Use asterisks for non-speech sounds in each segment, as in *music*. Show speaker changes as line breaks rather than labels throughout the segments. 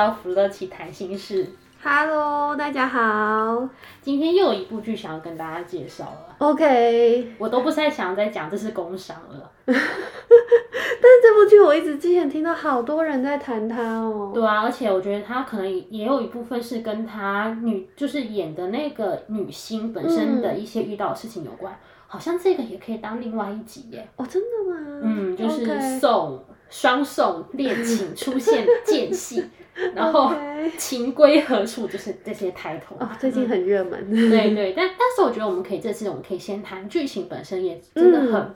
聊福樂奇談心事。
Hello，大家好，
今天又有一部劇想要跟大家介紹了。OK，我都不太想要再講這是工傷了。
*laughs* 但是這部劇我一直之前聽到好多人在談他哦。
對啊，而且我覺得他可能也有一部分是跟他女就是演的那個女星本身的一些遇到的事情有關、嗯。好像這個也可以當另外一集耶。哦、oh,，真的
嗎？嗯，就是宋、
雙宋戀情出現間隙。 *laughs* 然後情歸何處，就是這些抬頭、哦，最近很熱門。對對，但但是我覺得我們可以這次我們可以先談 *laughs* 劇情本身，也真的很、嗯，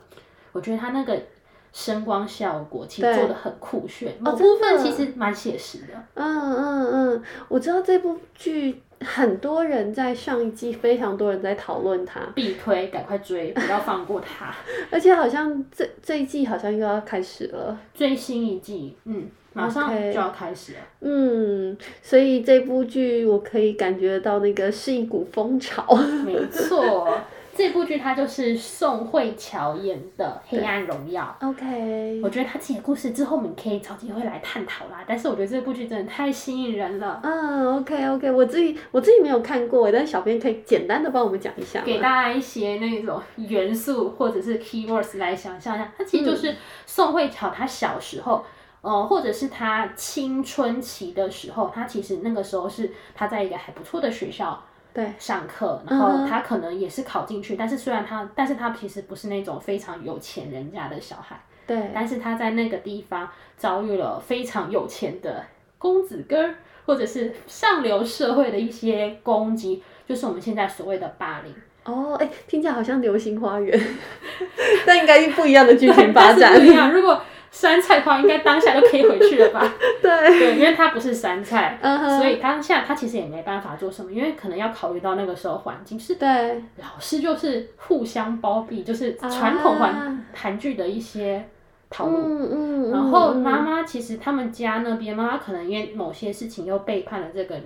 我覺得它那個聲光效果其實做得很酷炫，部分其實蠻寫實的。
哦這個、嗯嗯嗯，我知道這部劇。很多人在上一季，非常多人在討論他，必推，趕快追，不要放過他。 *laughs* 而且好像這這，這一季好像又要開始了，最新一季，嗯，馬上就要開始了。Okay. 嗯，所以這部劇我可以感覺到那個是一股風潮， *laughs* 沒錯。這部劇它就是宋慧喬
演的《黑暗榮耀》。
OK，我覺
得他自己的故事之後我們可以找機會來探討
啦。但是我覺得這部劇真的太吸引人了。嗯，oh，OK OK，我自己我自己沒有看過，但是小編可以簡單的幫我們講一下，給大家
一些那種元素或者是 keywords 來想象一下。它其實就是宋慧喬她小時候，嗯，呃，或者是她青春期的時候，她其實那個時候是她在一個還不錯的學校。對，上課，然後他可能也是考進去、嗯，但是雖然他，但是他其實不是那種非常有錢人家的小孩，對，但是他在那個地方遭遇了非常有錢的公子哥，或者是上流社會的一些攻擊，就是我們現在所謂的霸凌。
哦，哎，聽起來好像《流星花園》
*laughs* 但應該是不一樣的劇情發展。 *laughs* 對，不一樣，如果杉菜花應該當下就 *laughs* 可以回去了吧。 *laughs* 對，因為他不是杉菜，uh -huh. 所以當下他其實也沒辦法做什麼，因為可能要考慮到那個時候環境是。對。老師就是互相包庇，就是傳統環韓劇的一些套路。Uh -huh. 然後媽媽其實他們家那邊媽媽可能因為某些事情又背叛了這個女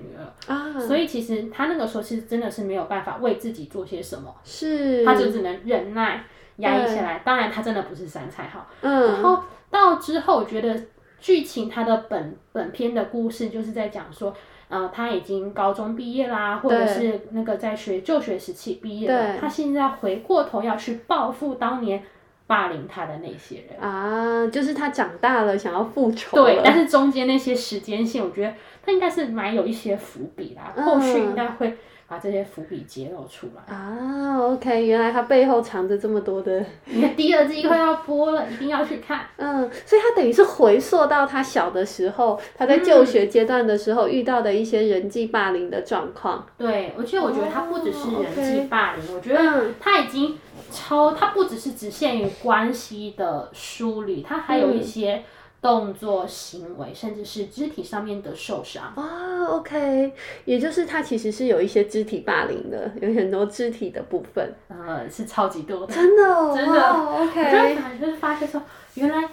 兒、uh -huh. 所以其實她那個時候是真的是沒有辦法為自己做些什麼，是、
uh、她 -huh. 就只能
忍耐壓、uh -huh. 抑下來。Uh -huh. 當然她真的不是杉菜哈，嗯、uh -huh.。然後到之後我覺得。劇情他的本本篇的故事就是在講說，呃，他已經高中畢業啦、啊，或者是那個在學就學時期畢業了，了，他現在回過頭要去報復當年霸
凌他的那些人。啊，就是他長大了想要
復仇。對，但是中間那些時間線，我覺得他應該是蠻有一些伏筆啦，後續應該會、嗯。把這些伏筆揭露出
來啊！OK，原來他背後藏着這麼多的。 *laughs* 第二季快要播了，一定要去看。嗯，所以他等於是回溯到他小的時候，他在就學階段的時候遇到的一些人際霸凌的狀況、嗯。
對，而且我覺得他不只是人際霸凌、哦 okay，我覺得他已經超，他不只是只限於關係的梳理、嗯，他還有一些。動作、行為，甚至
是肢體上面的受傷哦、oh, OK，也就是他其實是有一些肢體霸凌的，有很多肢體的部分，呃，是超級多的。真的，真的。Oh, OK。就是
發現說，原來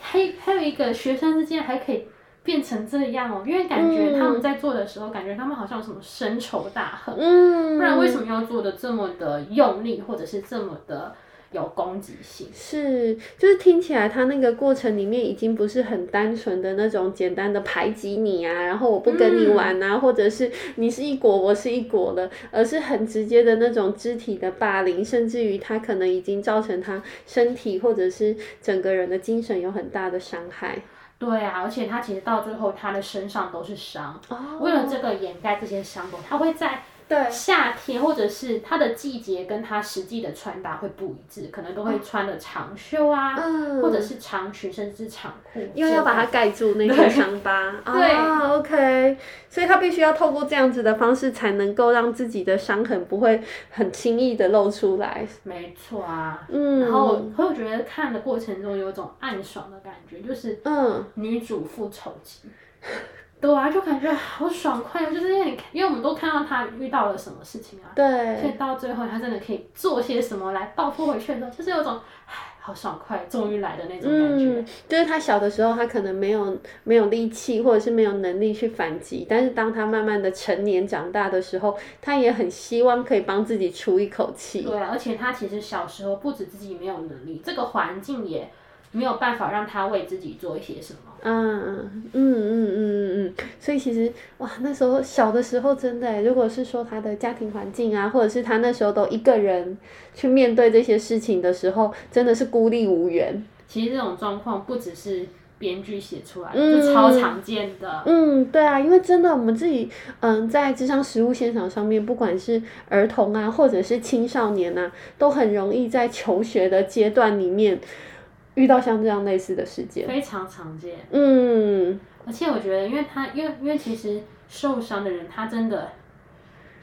還還有一個學生之間還可以變成這樣哦、喔，因為感覺他們在做的時候，嗯、感覺他們好像有什麼深仇大恨，嗯，不然為什麼要做得這麼的用力，或者是這麼的？有攻擊
性是，就是聽起來他那個過程裡面已經不是很單純的那種簡單的排擠你啊，然後我不跟你玩啊，嗯、或者是你是一國，我是一國了，而是很直接的那種肢體的霸凌，甚至於他可能已經造成他身體或者是整個人的精神有很大的傷害。對啊，而且他其實到最後他的身上都是傷，oh. 為了這個掩蓋這些傷口，他會在。對，
夏天或者是它的季節，跟它實際的穿搭會不一致，可能都會穿的
長袖啊，嗯，或者是長裙，甚至長褲，因為要把它蓋住那些傷疤。 *laughs* 對，哦，OK，所以他必須要透過這樣子的方式，才能夠讓自己的傷痕不會很輕易的露出來。沒錯啊，嗯，然
後我會覺得看的過程中有一種暗爽的感覺，就是嗯，女主復仇記。對啊，就感覺好爽快啊！就是因為你，因為我們都看到他遇到了什
麼事情啊，對，所以
到最後他真的可以做些什麼來報復回去的，就是有種
唉，好爽
快，終於來
的那種感覺。嗯，就是他小的時候，他可能沒有沒有力氣，或者是沒有能力去反擊，但是當他慢慢的成年長大的時候，他也很希望可以幫自己出一口氣。對啊，而且他其實小時候不止自己沒有能力，
這個環境也。沒
有辦法讓他為自己做一些什麼。啊、嗯嗯嗯嗯嗯嗯，所以其實哇，那時候小的時候真的，如果是說他的家庭環境啊，或者是他那時候都一個人去面對這些事情的時候，真的是孤立無援。
其實這種狀況不只是編劇寫出來的，嗯、就超
常見的。嗯，對啊，因為真的我們自己，嗯，在諮商實務現場上面，不管是兒童啊，或者是青少年啊，都很容易在求學的階段裡面。遇到像這樣類似的事件，非
常常見。嗯，
而
且我覺得，因為他，因為因為其實受傷的人，他真的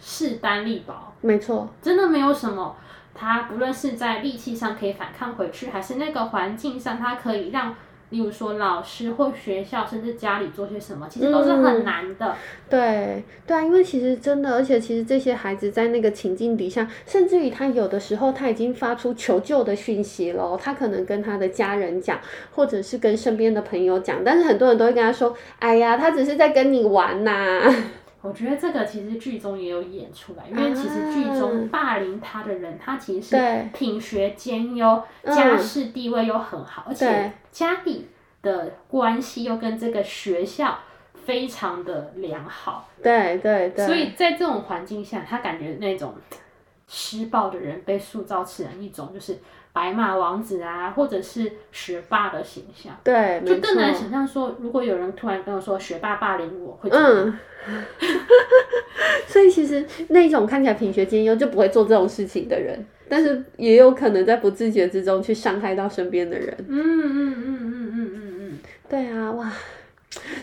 勢單力薄，
沒錯，
真的沒有什麼，他不論是在力氣上可以反抗回去，還是那個環境上，他可以讓。例如說老師或學校，甚至家裡做些什
麼，其實都是很難的，嗯。對，對啊，因為其實真的，而且其實這些孩子在那個情境底下，甚至於他有的時候他已經發出求救的訊息了，他可能跟他的家人講，或者是跟身邊的朋友講，但是很多人都會跟他說：“哎呀，他只是在跟你玩吶、啊。”我覺得這個其實劇中也有演出來，因為其實劇中
霸凌他的人，啊、他其實是品學兼優，家、嗯、世地位又很好，而且家裡的關係又跟這個學校非常的良好。
對對對，所以
在這種環境下，他感覺那種施暴的人被塑造成一種就是。白馬王子啊，或者是學霸的形象，對，就更難想象說，如果有人突然跟我說學霸霸凌我，會
嗯， *laughs* *laughs* 所以其實那種看起來品學兼優就不會做這種事情的人，但是也有可能在不自覺之中去傷害到身邊的人。嗯嗯嗯嗯嗯嗯嗯，對啊，哇！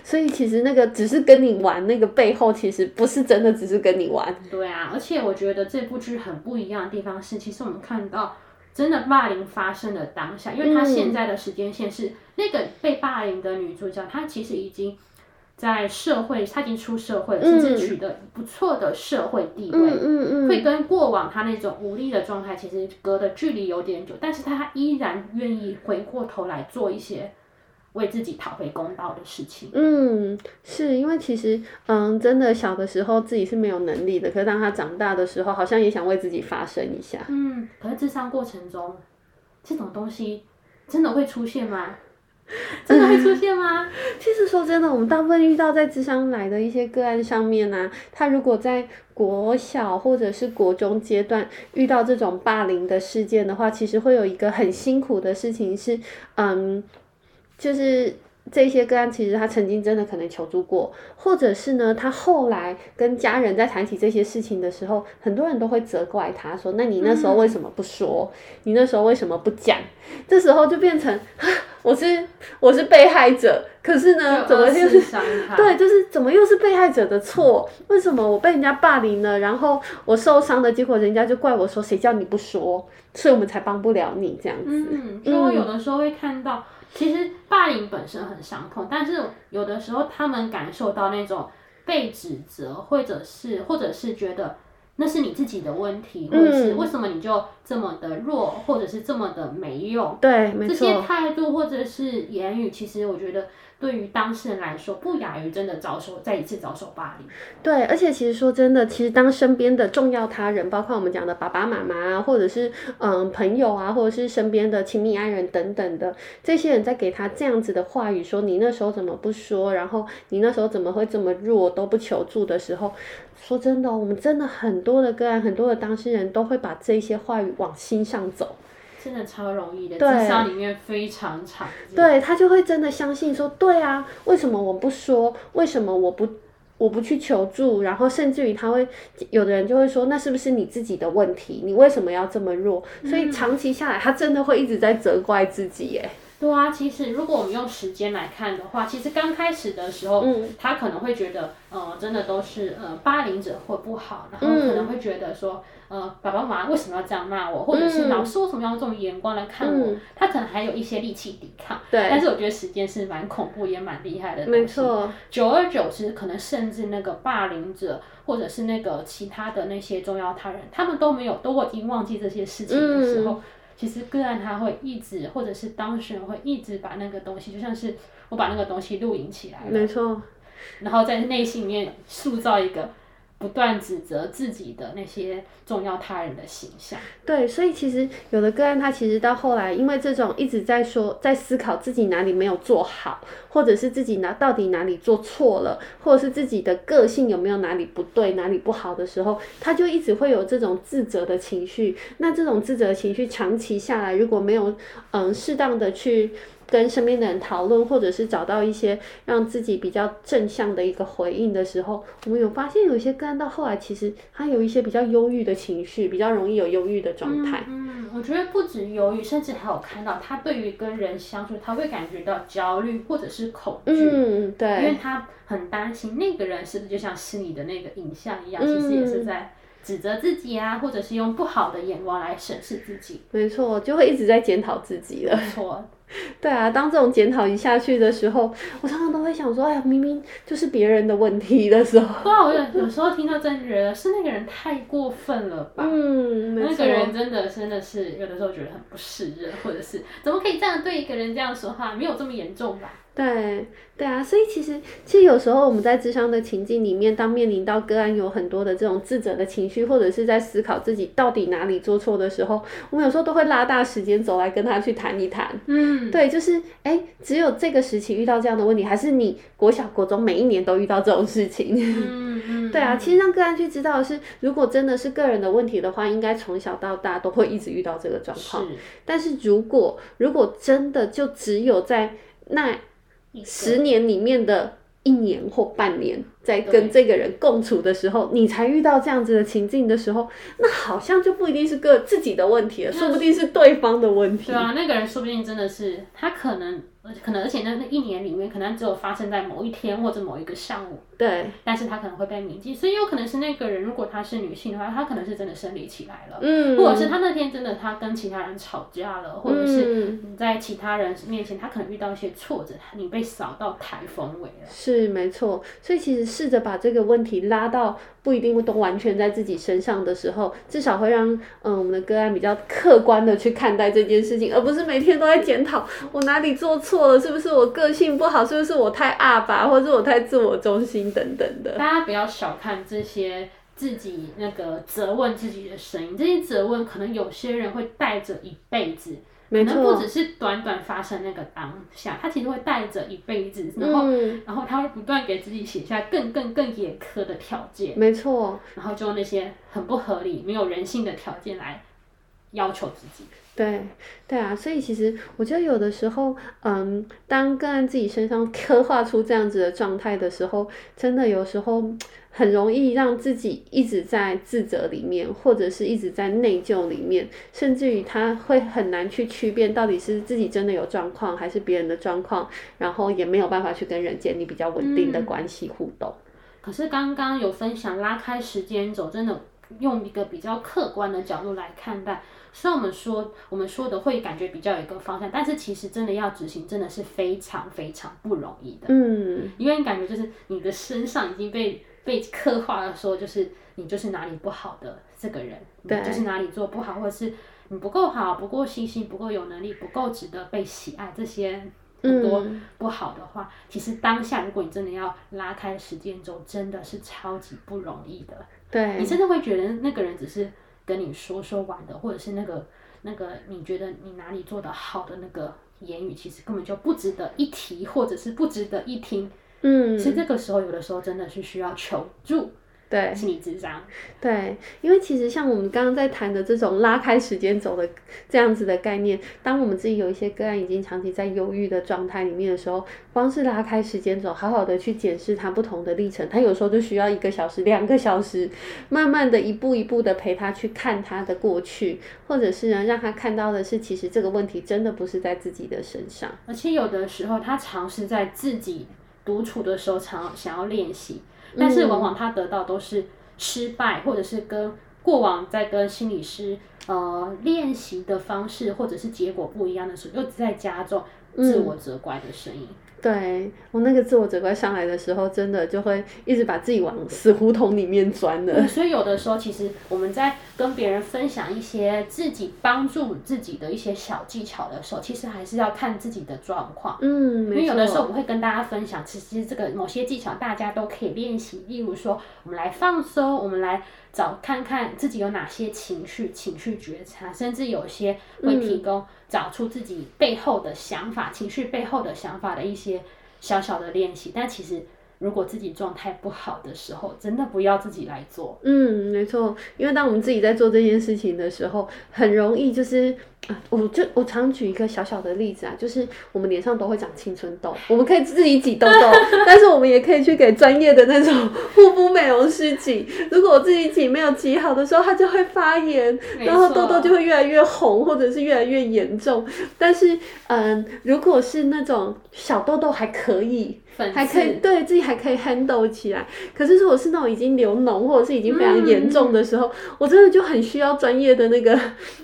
所以其實那個只是跟你玩，那個背後其實不是真的，只是跟你玩。
對啊，而且我覺得這部劇很不一樣的地方是，其實我們看到。真的霸凌發生的當下，因為他現在的時間線是、嗯、那個被霸凌的女主角，她其實已經在社會，她已經出社會了，甚至取得不錯的社會地位，嗯嗯嗯、會跟過往她那種無力的狀態其實隔的距離有點久，但是她依然願意回過頭來做一些。為自己討回公
道的事情。嗯，是因為其實，嗯，真的小的時候自己是沒有能力的，可是當他長大的時候，好像也想為自己發聲一下。嗯，
可是諮商過程中，這種東
西真的會出現嗎？真的會出現嗎？嗯、其實說真的，我們大部分遇到在諮商來的一些個案上面呢、啊，他如果在國小或者是國中階段遇到這種霸凌的事件的話，其實會有一個很辛苦的事情是，嗯。就是這些個案，其實他曾經真的可能求助過，或者是呢，他後來跟家人在談起這些事情的時候，很多人都會責怪他說：“那你那時候為什麼不說？嗯、你那時候為什麼不講？”這時候就變成我是我是被害者，可是呢，怎麼又、就是對，就是怎麼又是被害者的錯、嗯？為什麼我被人家霸凌了，然後我受傷的結果人家就怪我說：“誰叫你不說？”所以我們才幫不了你這樣
子。嗯，就、嗯、有的時候會看到。其實霸凌本身很傷痛，但是有的時候他們感受到那種被指責，或者是或者是覺得那是你自己的問題，嗯嗯，或者是為什麼你就這麼的弱，或者是這麼的沒用。
對，沒錯，這些
態度或者是言語，其實我覺得。對於當事人來說，不亞於真的遭受，再一次遭受霸
凌。對，而且其實說真的，其實當身邊的重要他人，包括我們講的爸爸媽媽啊，或者是嗯朋友啊，或者是身邊的親密愛人等等的，這些人在給他這樣子的話語，說你那時候怎麼不說？然後你那時候怎麼會這麼弱都不求助的時候，說真的哦，我們真的很多的個案，很多的當事人都會把這些話語往心上走。
真的超容易的，對，學校裡面非常常見。對，
他就會真的相信說，對啊，為什麼我不說？為什麼我不，我不去求助？然後甚至於他會，有的人就會說，那是不是你自己的問題？你為什麼要這麼弱？嗯。所以長期下來，他真的會一直在責怪自己耶。
對啊，其實如果我們用時間來看的話，其實剛開始的時候，嗯、他可能會覺得，呃，真的都是呃霸凌者會不好，然後可能會覺得說，嗯、呃，爸爸媽媽為什麼要這樣罵我，或者是老師為什麼要用這種眼光來看我、嗯，他可能還有一些力氣抵抗。嗯、但是我覺得時間是蠻恐怖也蠻厲害的東西。沒錯。久而久之，可能甚至那個霸凌者，或者是那個其他的那些重要他人，他們都沒有，都已經忘記這些事情的時候。嗯。其實個案他會一直，或者是當事人會一直把那個東西，就像是我把那個東西錄影起來了，沒錯，然後在內心裡面塑造一個。不斷指責自己的那些重要他人的形象，
對，所以其實有的個案，他其實到後來，因為這種一直在說，在思考自己哪裡沒有做好，或者是自己哪到底哪裡做錯了，或者是自己的個性有沒有哪裡不對、哪裡不好的時候，他就一直會有這種自責的情緒。那這種自責的情緒長期下來，如果沒有嗯適當的去。跟身邊的人討論，或者是找到一些讓自己比較正向的一個回應的時候，我們有發現有一些個案到後來其實他有一些比較憂鬱的情緒，比較容易有憂鬱的狀態。嗯，
嗯我覺得不止憂鬱，甚至還有看到他對於跟人相處，他會感覺到焦慮或者是恐懼。
嗯，對，因為他
很擔心那個人是不是就像是你的那個影像一樣，嗯，其實也是在指責自己啊，或者是用不好的眼光來審視自己。
沒錯，就會一直在檢討自己了。沒錯。對啊，當這種檢討一下去的時候，我常常都會想說，哎呀，明明就是別人的問題的時候。對我
有時候聽到真的覺得是那個人太過
分了吧？嗯，那個人真的真
的是有的時候覺得很不是人，或者是怎麼可以這樣對一個人這樣說的話？沒有這麼嚴重吧？
對，對啊，所以其實其實有時候我們在諮商的情境裡面，當面臨到個案有很多的這種自責的情緒，或者是在思考自己到底哪裡做錯的時候，我們有時候都會拉大時間走來跟他去談一談。嗯。對，就是哎、欸，只有這個時期遇到這樣的問題，還是你國小、國中每一年都遇到這種事情？ *laughs* 對啊，其實讓個案去知道的是，如果真的是個人的問題的話，應該從小到大都會一直遇到這個狀況。但是，如果如果真的就只有在那十年裡面的一年或半年。在跟這個人共處的時候，你才遇到這樣子的情境的時候，那好像就不一定是個自己的問題了，說不定是對方的問題。對啊，那
個人說不定真的是他，可能，
可能，而且那那一
年裡面，可能只有發生
在某一天或
者某一個上午。對。但是他可能會被銘記，所以有可能是那個人。如果他是女性的話，他可能是真的生理起來了，嗯，或者是他那天真的他跟其他人吵架了，或者是，在其他人面前，他可能遇到一些挫折，你被掃到颱風尾了。
是沒錯，所以其實。試着把這個問題拉到不一定都完全在自己身上的時候，至少會讓嗯我們的個案比較客觀的去看待這件事情，而不是每天都在檢討我哪裡做錯了，是不是我個性不好，是不是我太阿巴或者是我太自我中心等等的。
大家不要小看這些自己那個責問自己的聲音，這些責問可能有些人會帶着一輩子。
可能不只是
短短發生那個當下，他其實會帶着一輩子，然後、嗯，然後他會不斷給自己寫下更更更嚴苛的條件，沒
錯，然
後就用那些很不合理、沒有人性的條件來要求自己。
對，對啊，所以其實我覺得有的時候，嗯，當個案自己身上刻畫出這樣子的狀態的時候，真的有時候。很容易讓自己一直在自責裡面，或者是一直在內疚裡面，甚至於他會很難去區辨到底是自己真的有狀況，還是別人的狀況，然後也沒有辦法去跟人建立比較穩定的關係互動。嗯，
可是剛剛有分享拉開時間軸，真的用一個比較客觀的角度來看待，雖然我們說我們說的會感覺比較有一個方向，但是其實真的要執行真的是非常非常不容易的。嗯，因為感覺就是你的身上已經被。被刻畫的說，就是你就是哪裡不好的這個人，對，你就是哪裡做不好，或者是你不夠好，不夠細心，不夠有能力，不夠值得被喜愛，這些很多不好的話，嗯，其實當下如果你真的要拉開時間軸，真的是超級不容易的。對，你真的會覺得那個人只是跟你說說玩的，或者是那個那個你覺得你哪裡做得好的那個言語，其實根本就不值得一提，或者是不值得一聽。嗯，其實這
個時候有的時候真的是需要求助，對，心理諮商，對，因為其實像我們剛剛在談的這種拉開時間軸的這樣子的概念，當我們自己有一些個案已經長期在憂鬱的狀態裡面的時候，光是拉開時間軸，好好的去檢視他不同的歷程，他有時候就需要一個小時、兩個小時，慢慢的一步一步的陪他去看他的過去，或者是呢讓他看到的是，其實這個問題真的不是在自己的身上，
而且有的時候他嘗試在自己。
獨處的時候，
常要練習，
但是往往
他得到都是失敗，嗯、或者是跟過往在跟心理師呃練習的方式，或者是結果不一樣的時候，又在加重自我責怪的聲音。嗯
對，我那個自我責怪上來的時候，真的就會一直把自己往死胡同裡面鑽了。嗯，所以有的時候，其實我們在跟別人分享一些自己幫助自己的一些小技巧的時候，
其實還是要看自己的狀況。嗯，沒
錯。因為有的時候我
會跟大家分享，其實這個某些技巧大家都可以練習。例如說，我們來放鬆，我們來。找看看自己有哪些情緒、情緒覺察，甚至有些會提供、嗯、找出自己背後的想法、情緒背後的想法的一些小小的練習。但其實，如果自己狀態不好的時候，真的不要自己來做。
嗯，沒錯，因為當我們自己在做這件事情的時候，很容易就是。啊、嗯，我就我常舉一個小小的例子啊，就是我們臉上都會長青春痘，我們可以自己擠痘痘， *laughs* 但是我們也可以去給專業的那種護膚美容師擠。如果我自己擠沒有擠好的時候，它就會發炎，然後痘痘就會越來越紅或者是越來越嚴重。但是，嗯，如果是那種小痘痘還可以，還可以對自己還可以 handle 起來。可是如果是那種已經流膿或者是已經非常嚴重的時候、嗯，我真的就很需要專業的那個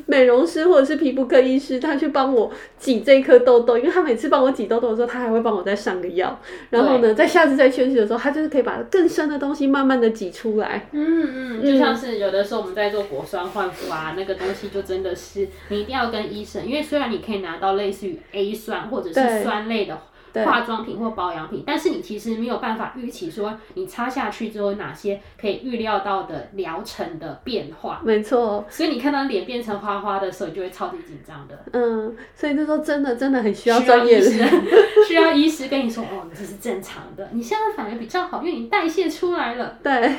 美容師或者是。皮膚科醫師，他去幫我擠這顆痘痘，因為他每次幫我擠痘痘的時候，他還會幫我再上個藥。然後呢，在下次再休息的時候，他就是可以把更深的東西慢慢的擠出來。嗯
嗯，就像是有的時候我們在做果酸換膚啊、嗯，那個東西就真的是你一定要跟醫生，因為雖然你可以拿到類似於 A 酸或者是酸類的。化妝品或保養品，但是你其實沒有辦法預期說你擦下去之後哪些可以預料到的療程的變化。
沒錯，
所以你看到臉變成花花的時候，你就會超級緊張的。
嗯，所以那時候真的真的很需要專業的要醫生，
需要醫師跟你說：“ *laughs* 哦，這是正常的，你現在反而比較好，因為你代謝出來了。”對。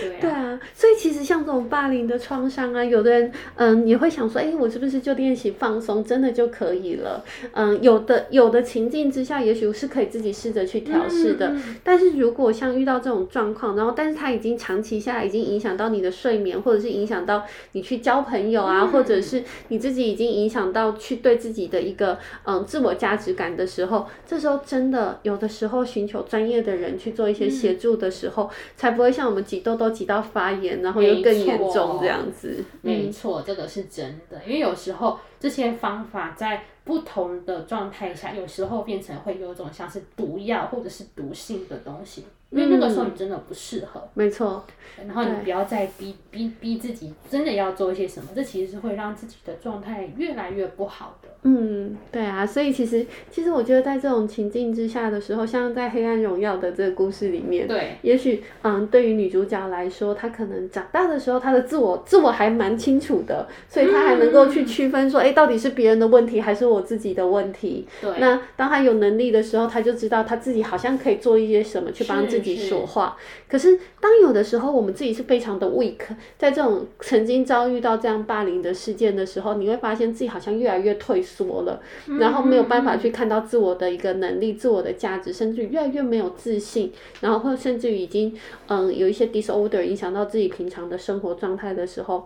對啊，對啊，所以其實像這種霸凌的創傷啊，有的人嗯也會想說，哎，我是不是就練習放鬆，真的就可以了？嗯，有的有的情境之下，也許是可以自己試着去調試的。嗯。但是如果像遇到這種狀況，然後但是它已經長期下來已經影響到你的睡眠，或者是影響到你去交朋友啊，嗯、或者是你自己已經影響到去對自己的一個嗯自我價值感的時候，這時候真的有的時候尋求專業的人去做一些協助的時候，嗯、才不會像我們擠痘痘。都擠到發炎，然後又更嚴重這樣子。沒錯、嗯，這個是真的，
因為有時候這些方法在不同的狀態下，有時候變成會有一種像是毒藥或者是毒性的
東西，嗯，因為那個時候你真
的不適合，
沒錯。然後你不要再逼逼逼自
己，真的要做一些什麼，這其實是會讓自己的狀態越來越不好的。
嗯，對啊，所以其實其實我覺得在這種情境之下的時候，像在《黑暗榮耀》的這個故事裡面，對，也許嗯，對於女主角來說，她可能長大的時候，她的自我自我還蠻清楚的，所以她還能夠去區分說，哎，嗯，欸，到底是別人的問題還是我。自己的問題。對，那當他有能力的時候，他就知道他自己好像可以做一些什麼去幫自己說話。可是當有的時候，我們自己是非常的 weak，在這種曾經遭遇到這樣霸凌的事件的時候，你會發現自己好像越來越退縮了，嗯、然後沒有辦法去看到自我的一個能力、嗯、自我的價值，甚至於越來越沒有自信，然後甚至於已經嗯有一些 disorder 影響到自己平常的生活狀態的時候。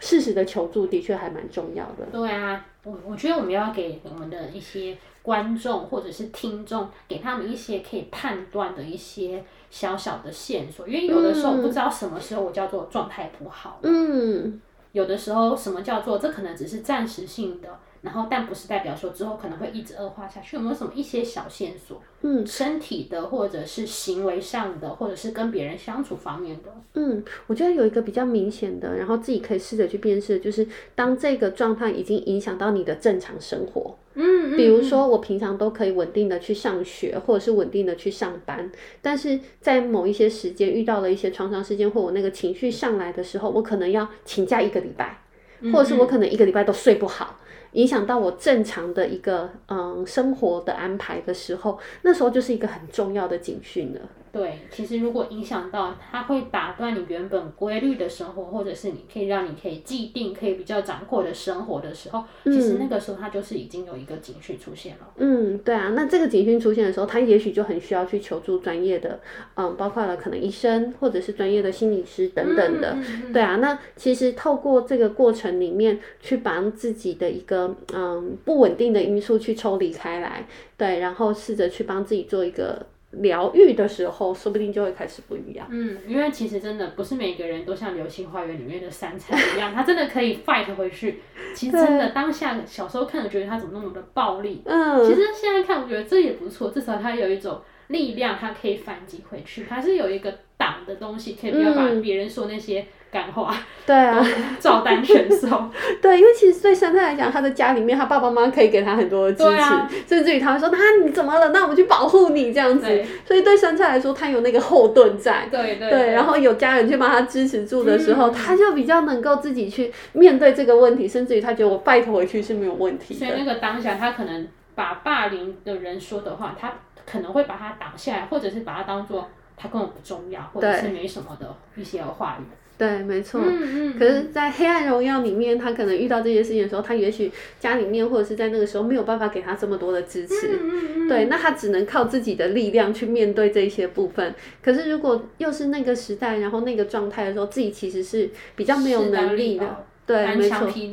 適時的求助的確還蠻重要的。
對啊，我我覺得我們要給我們的一些觀眾或者是聽眾，給他們一些可以判斷的一些小小的線索，因為有的時候我不知道什麼時候我叫做狀態不好，嗯，有的時候什麼叫做這可能只是暫時性的。然後，但不是代表說之後可能會一直惡化下去。有沒有什麼一些小線索？嗯，身體的，或者是行為上的，或者是跟別人相處方面的。
嗯，我覺得有一個比較明顯的，然後自己可以試着去辨識，就是當這個狀態已經影響到你的正常生活。嗯，比如說，我平常都可以穩定的去上學，嗯，或者是穩定的去上班，嗯，但是在某一些時間遇到了一些創傷事件，或者我那個情緒上來的時候，我可能要請假一個禮拜，嗯，或者是我可能一個禮拜都睡不好。嗯嗯。影響到我正常的一個嗯生活，的安排的時候，那時候就是一個很重要的警訊了。
對，其實如果影響到，它會打斷你原本規律的生活，或者是你可以讓你可以既定可以比較掌控的生活的時候，嗯、其實那個時候它就是已經有一個警訊出
現了。嗯，對啊，那這個警訊出現的時候，他也許就很需要去求助專業的，嗯，包括了可能醫生或者是專業的心理師等等的、嗯嗯嗯，對啊，那其實透過這個過程裡面去把自己的一個嗯不穩定的因素去抽離開來，對，然後試着去幫自己做一個。療癒的時候，說不定就會開始不一樣。
嗯，因為其實真的不是每個人都像《流星花園》裡面的杉菜一樣， *laughs* 他真的可以 fight 回去。其實真的當下 *laughs* 小時候看，我覺得他怎麼那麼的暴力。嗯，其實現在看，我覺得這也不錯，至少他有一種力量，他可以反擊回去，他是有一個。擋的東西可以不要把別人說那些感化，
嗯、對啊， *laughs* 照單全收。 *laughs* 對，因為其實對杉菜來講，他的家裡面，他爸爸媽媽可以給他很多的支持，啊、甚至於他會說，那你怎麼了，那我們去保護你這樣子。所以對杉菜來說，他有那個後盾在，對對，對。對，然後有家人去幫他支持住的時候，嗯、他就比較能夠自己去面對這個問題，甚至於他覺得我拜托回去是沒有問題的。所以那個
當下，他可能把霸凌的人說的話，他可能會把他擋下來，或者是把他當做。他根本不重要，或
者是沒什麼的一些話語。對，沒錯。嗯嗯、可是，在《黑暗榮耀》裡面、嗯，他可能遇到這些事情的時候，他也許家裡面或者是在那個時候沒有辦法給他這麼多的支持、嗯嗯。對，那他只能靠自己的力量去面對這些部分。可是，如果又是那個時代，然後那個狀態的時候，自己其實是比較沒有能力的。力
對，沒錯。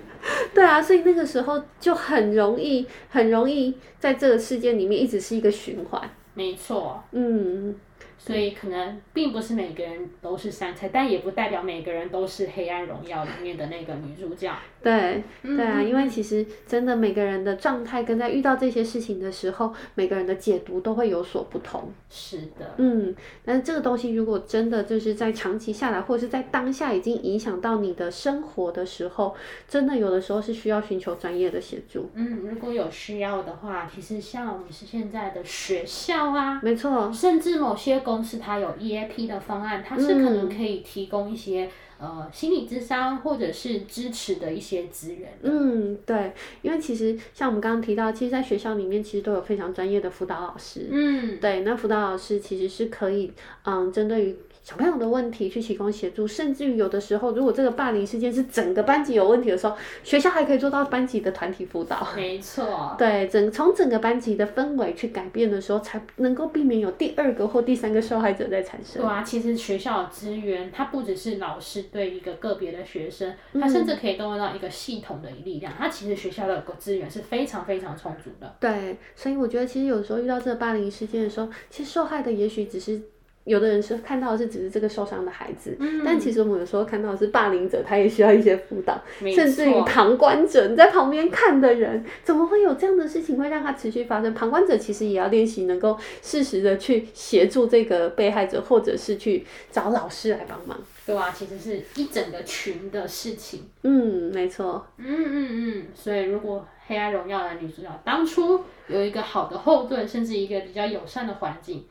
*laughs* 對啊，所以那個時候就很容易，很容易在這個世界裡面一直是一個循環。沒錯，嗯，
所以可能並不是每個人都是杉菜，但也不代表每個人都是《黑暗榮耀》裡面的那個女主角。
對，對啊，嗯，因為其實真的每個人的狀態跟在遇到這些事情的時候，每個人的解讀都會有所不同。是的。嗯，但是這個東西如果真的就是在長期下來，或者是在當下已經影響到你的生活的時候，真的有的時候是需要尋求專業的協助。嗯，
如果有需要的話，其實像我們是現在的學校啊，沒錯，甚至某些公司它有 EAP 的方案，它是可能可以提供一些。
呃，心理諮商或者是支持的一些資源。嗯，對，因為其實像我們剛剛提到，其實，在學校裡面其實都有非常專業的輔導老師。嗯，對，那輔導老師其實是可以，嗯，針對於。小朋友的問題去提供協助，甚至於有的時候，如果這個霸凌事件是整個班級有問題的時候，學校還可以做到班級的團體輔導。
沒錯。
對，整從整個班級的氛圍去改變的時候，才能夠避免有第二個或第三個受害者在產生。對啊，
其實學校資源，它不只是老師對一個個別的學生，嗯，它甚至可以動用到一個系統的力量。它其實學校的資源是非常非常充足的。
對，所以我覺得其實有時候遇到這個霸凌事件的時候，其實受害的也許只是。有的人是看到的是只是這個受傷的孩子，嗯，但其實我們有時候看到的是霸凌者，他也需要一些輔導，甚至於旁觀者，你在旁邊看的人，怎麼會有這樣的事情會讓他持續發生？旁觀者其實也要練習能夠適時的去協助這個被害者，或者是去找老師來幫忙。
對啊，其實是一整個群的事情。
嗯，沒錯。嗯嗯嗯。
所以，如果《黑暗榮耀》的女主角當初有一個好的後盾，甚至一個比較友善的環境。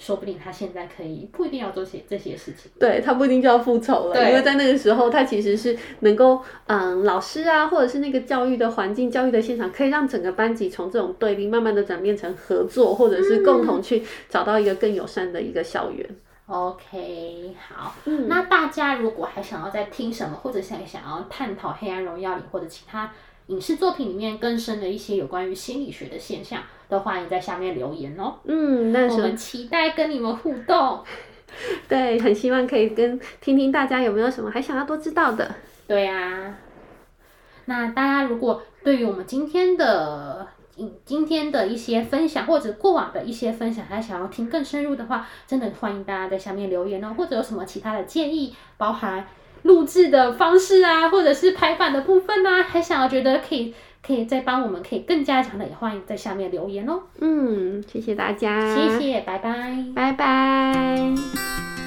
說不定他現在可以不一定要做些這些事情，
對他不一定就要復仇了，因為在那個時候他其實是能夠，嗯，老師啊，或者是那個教育的環境、教育的現場，可以讓整個班級從這種對立慢慢的轉變成合作，或者是共同去找到一個更友善的一個校園。嗯、OK，好、
嗯，那大家如果還想要再聽什麼，或者想想要探討《黑暗榮耀》裡或者其他影視作品裡面更深的一些有關於心理學的現象。都歡迎在下面留言
哦。嗯，那是我們期待跟你們互動。 *laughs* 對，很希望可以跟聽聽大家有沒有什麼還想要多知道的。對呀、啊，那大家如果對於我們今天
的今今天的一些分享，或者過往的一些分享，還想要聽更深入的話，真的歡迎大家在下面留言哦。或者有什麼其他的建議，包含錄製的方式啊，或者是排版的部分啊，還想要覺得可以。可以再幫我們，可以更加強的，也歡迎在下面留言哦。
嗯，謝謝大家，謝謝，拜拜，拜拜。拜拜。